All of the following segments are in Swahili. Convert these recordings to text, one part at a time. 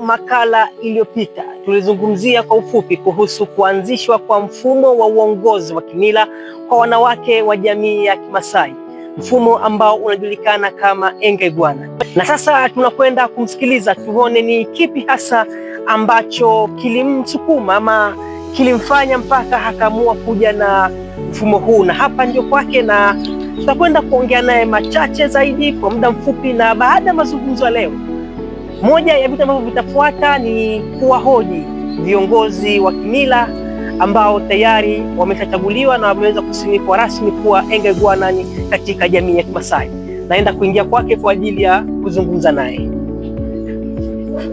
Makala iliyopita tulizungumzia kwa ufupi kuhusu kuanzishwa kwa mfumo wa uongozi wa kimila kwa wanawake wa jamii ya Kimasai, mfumo ambao unajulikana kama Engaigwana. Na sasa tunakwenda kumsikiliza tuone ni kipi hasa ambacho kilimsukuma ama kilimfanya mpaka akaamua kuja na mfumo huu, na hapa ndio kwake, na tutakwenda kuongea naye machache zaidi kwa muda mfupi, na baada ya mazungumzo ya leo moja ya vitu ambavyo vitafuata ni kuwahoji viongozi wa kimila ambao tayari wameshachaguliwa na wameweza kusimikwa rasmi kuwa Engegwanani katika jamii ya Kimasai. Naenda kuingia kwake kwa ajili ya kuzungumza naye.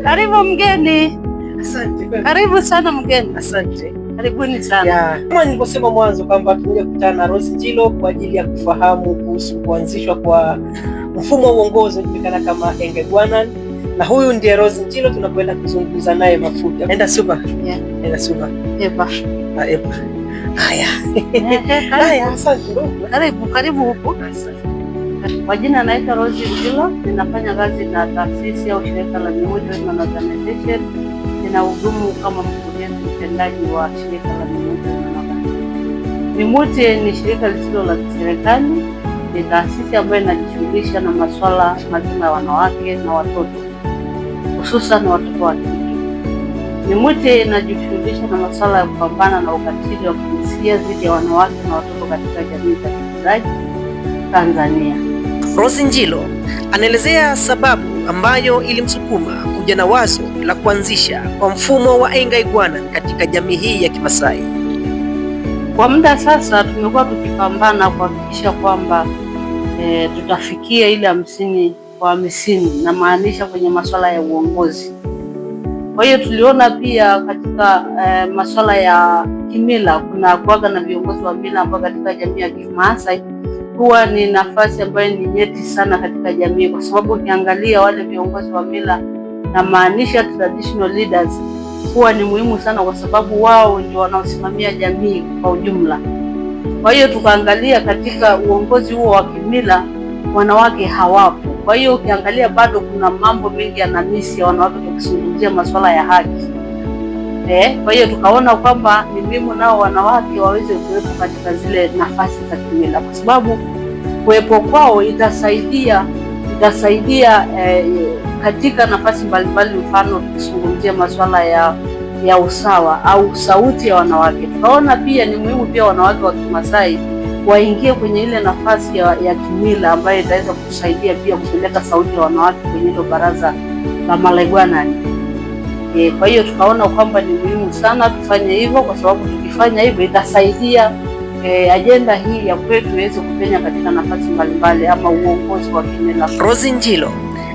Karibu mgeni. Asante. Karibu sana mgeni. Asante. Karibuni sana. Kama nilivyosema mwanzo kwamba tumekuja kukutana na Rose Njilo kwa ajili ya kufahamu kuhusu kuanzishwa kwa mfumo wa uongozi unajulikana kama Engegwanani na huyu ndiye Rose Njilo tunakwenda kuzungumza naye mafuta. Enda super. Yeah. Enda super. Epa. Ha, ah, epa. Haya. Haya, asante Karibu, karibu huko. Kwa jina naitwa Rose Njilo, ninafanya kazi na taasisi au shirika la New Women Organization. Ninahudumu kama mkurugenzi mtendaji wa shirika la New Women ni shirika lisilo la kiserikali, ni taasisi ambayo inajishughulisha na masuala mazima ya wanawake na watoto hususan watoto wa kike. Nimwite najishughulisha na masuala ya kupambana na ukatili wa kijinsia dhidi ya wanawake na watoto katika jamii za kifugaji Tanzania. Rose Njilo anaelezea sababu ambayo ilimsukuma kuja na wazo la kuanzisha kwa mfumo wa enga Iguana katika jamii hii ya Kimasai. Kwa muda sasa tumekuwa tukipambana kuhakikisha kwamba e, tutafikia ile hamsini kwa na namaanisha kwenye masuala ya uongozi. Kwa hiyo tuliona pia katika eh, masuala ya kimila kuna kuaga na viongozi wa mila ambao katika jamii ya Kimaasai huwa ni nafasi ambayo ni nyeti sana katika jamii, kwa sababu ukiangalia wale viongozi wa mila na maanisha traditional leaders huwa ni muhimu sana, kwa sababu wao ndio wanaosimamia jamii kwa ujumla. Kwa hiyo tukaangalia katika uongozi huo wa kimila wanawake hawapo kwa hiyo ukiangalia bado kuna mambo mengi yanamisi ya wanawake tukizungumzia masuala ya haki eh. Kwa hiyo tukaona kwamba ni muhimu nao wanawake waweze kuwepo katika zile nafasi za kimila, kwa sababu kuwepo kwao itasaidia itasaidia eh, katika nafasi mbalimbali, mfano kuzungumzia masuala ya ya usawa au sauti ya wanawake. Tukaona pia ni muhimu pia wanawake wa Kimasai waingie kwenye ile nafasi ya, ya kimila ambayo itaweza kusaidia pia kupeleka sauti ya wanawake kwenye hilo baraza la malaigwanani. E, kwa hiyo tukaona kwamba ni muhimu sana tufanye hivyo, kwa sababu tukifanya hivyo itasaidia e, ajenda hii ya kwetu iweze kupenya katika nafasi mbalimbali ama uongozi wa kimila. Rose Njilo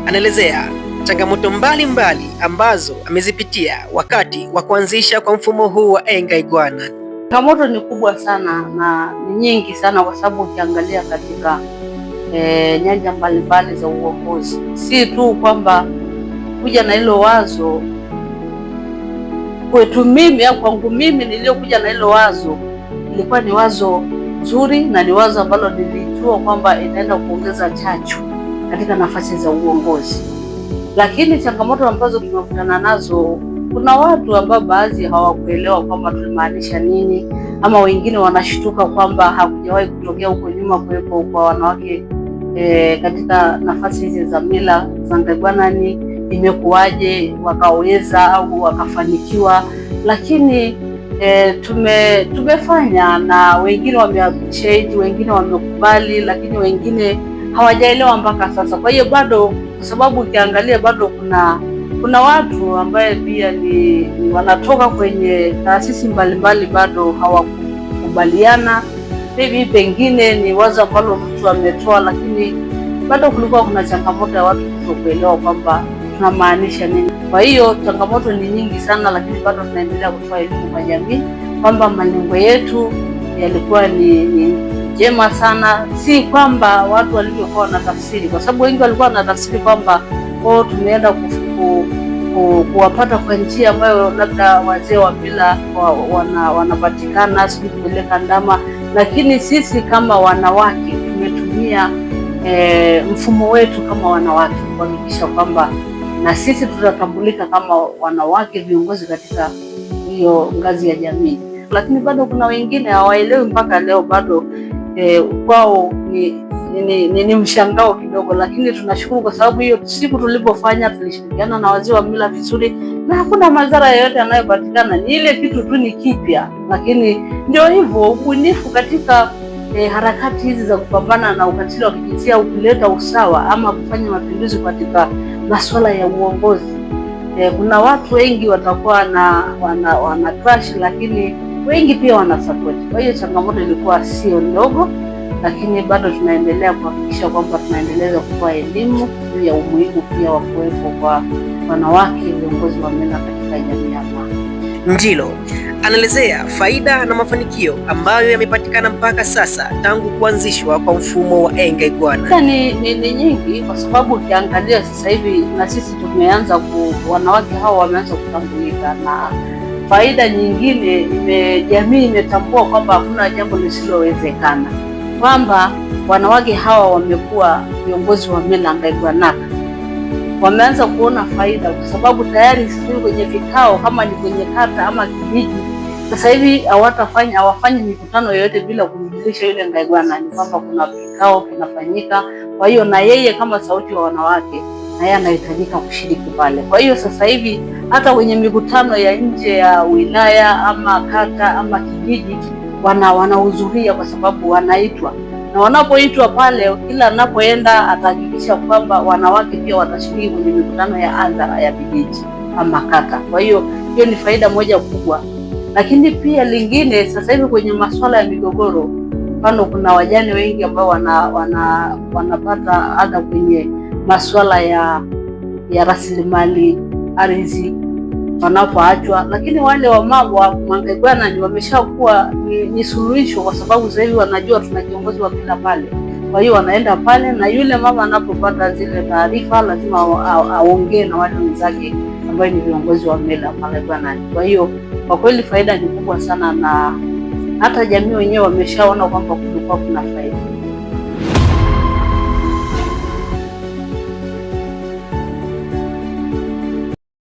anaelezea changamoto mbalimbali ambazo amezipitia wakati wa kuanzisha kwa mfumo huu wa Engaigwanan. Changamoto ni kubwa sana na ni nyingi sana kwa sababu ukiangalia katika e, nyanja mbalimbali za uongozi, si tu kwamba kuja na hilo wazo kwetu mimi au kwangu mimi niliyokuja na hilo wazo ilikuwa ni wazo zuri na ni wazo ambalo nilijua kwamba inaenda kuongeza chachu katika nafasi za uongozi, lakini changamoto ambazo tunakutana nazo kuna watu ambao baadhi hawakuelewa kwamba tulimaanisha nini, ama wengine wanashtuka kwamba hakujawahi kutokea huko nyuma kuwepo kwa wanawake e, katika nafasi hizi za mila za Ndegwanani. Imekuwaje wakaweza au wakafanikiwa? Lakini e, tume tumefanya na wengine wameappreciate, wengine wamekubali, lakini wengine hawajaelewa mpaka sasa. Kwa hiyo bado, kwa sababu ukiangalia bado kuna kuna watu ambaye pia ni wanatoka kwenye taasisi mbalimbali bado hawakukubaliana. Hivi pengine ni wazo ambalo mtu ametoa, lakini bado kulikuwa kuna changamoto ya watu kutokuelewa kwamba tunamaanisha nini. Kwa hiyo changamoto ni nyingi sana, lakini bado tunaendelea kutoa elimu kwa jamii kwamba malengo yetu yalikuwa ni, ni jema sana, si kwamba watu walivyokuwa wanatafsiri, kwa sababu wengi walikuwa wanatafsiri kwamba o oh, tumeenda ku, ku, kuwapata kwa njia ambayo labda wazee wa mila wanapatikana wana sijui kupeleka ndama, lakini sisi kama wanawake tumetumia e, mfumo wetu kama wanawake kuhakikisha kwamba na sisi tutatambulika kama wanawake viongozi katika hiyo ngazi ya jamii, lakini bado kuna wengine hawaelewi mpaka leo bado eh, kwao ni, ni, ni, ni mshangao kidogo, lakini tunashukuru kwa sababu hiyo siku tulipofanya tulishirikiana na wazee wa mila vizuri, na hakuna madhara yoyote yanayopatikana. Ni ile kitu tu ni kipya, lakini ndio hivyo ubunifu katika E, harakati hizi za kupambana na ukatili wa kijinsia, ukileta usawa ama kufanya mapinduzi katika masuala ya uongozi. e, kuna watu wengi watakuwa wana, wana lakini wengi pia wanasapoti. Kwa hiyo changamoto ilikuwa sio ndogo, lakini bado tunaendelea kuhakikisha kwamba tunaendeleza kutoa elimu juu ya umuhimu pia wa kuwepo kwa wanawake viongozi wa mila katika jamii ya Manga. Ndilo anaelezea faida na mafanikio ambayo yamepatikana mpaka sasa tangu kuanzishwa kwa mfumo wa Engaigwana. Ni, ni, ni nyingi kwa sababu ukiangalia sasa hivi na sisi tumeanza ku, wanawake hao wameanza kutambulika na Faida nyingine ime, jamii imetambua kwamba hakuna jambo lisilowezekana, kwamba wanawake hawa wamekuwa viongozi wa mila Ngaigwanaka, wameanza kuona faida, kwa sababu tayari sisi kwenye vikao kama ni kwenye kata ama kijiji, sasa hivi hawatafanya hawafanyi mikutano yoyote bila kumjulisha yule Ngaigwana ni kwamba kuna vikao vinafanyika. Kwa hiyo na yeye kama sauti wa wanawake na yeye anahitajika kushiriki pale. Kwa hiyo sasa hivi hata wenye mikutano ya nje ya wilaya ama kata ama kijiji wana wanahudhuria kwa sababu wanaitwa, na wanapoitwa pale, kila anapoenda atahakikisha kwamba wanawake pia watashiriki kwenye mikutano ya hadhara ya vijiji ama kata. Kwa hiyo hiyo ni faida moja kubwa, lakini pia lingine, sasa hivi kwenye masuala ya migogoro, mfano kuna wajane wengi ambao wana, wana, wanapata adha kwenye masuala ya, ya rasilimali ardhi wanapoachwa, lakini wale wamama wa Mwangegwana ni wameshakuwa ni, ni suluhisho, kwa sababu sasa hivi wanajua tuna kiongozi wa kila pale. Kwa hiyo wanaenda pale, na yule mama anapopata zile taarifa lazima aongee na wale wenzake ambayo ni viongozi wa mila Mwangegwana. Kwa hiyo kwa kweli faida ni kubwa sana, na hata jamii wenyewe wameshaona kwamba kulikuwa kuna faida.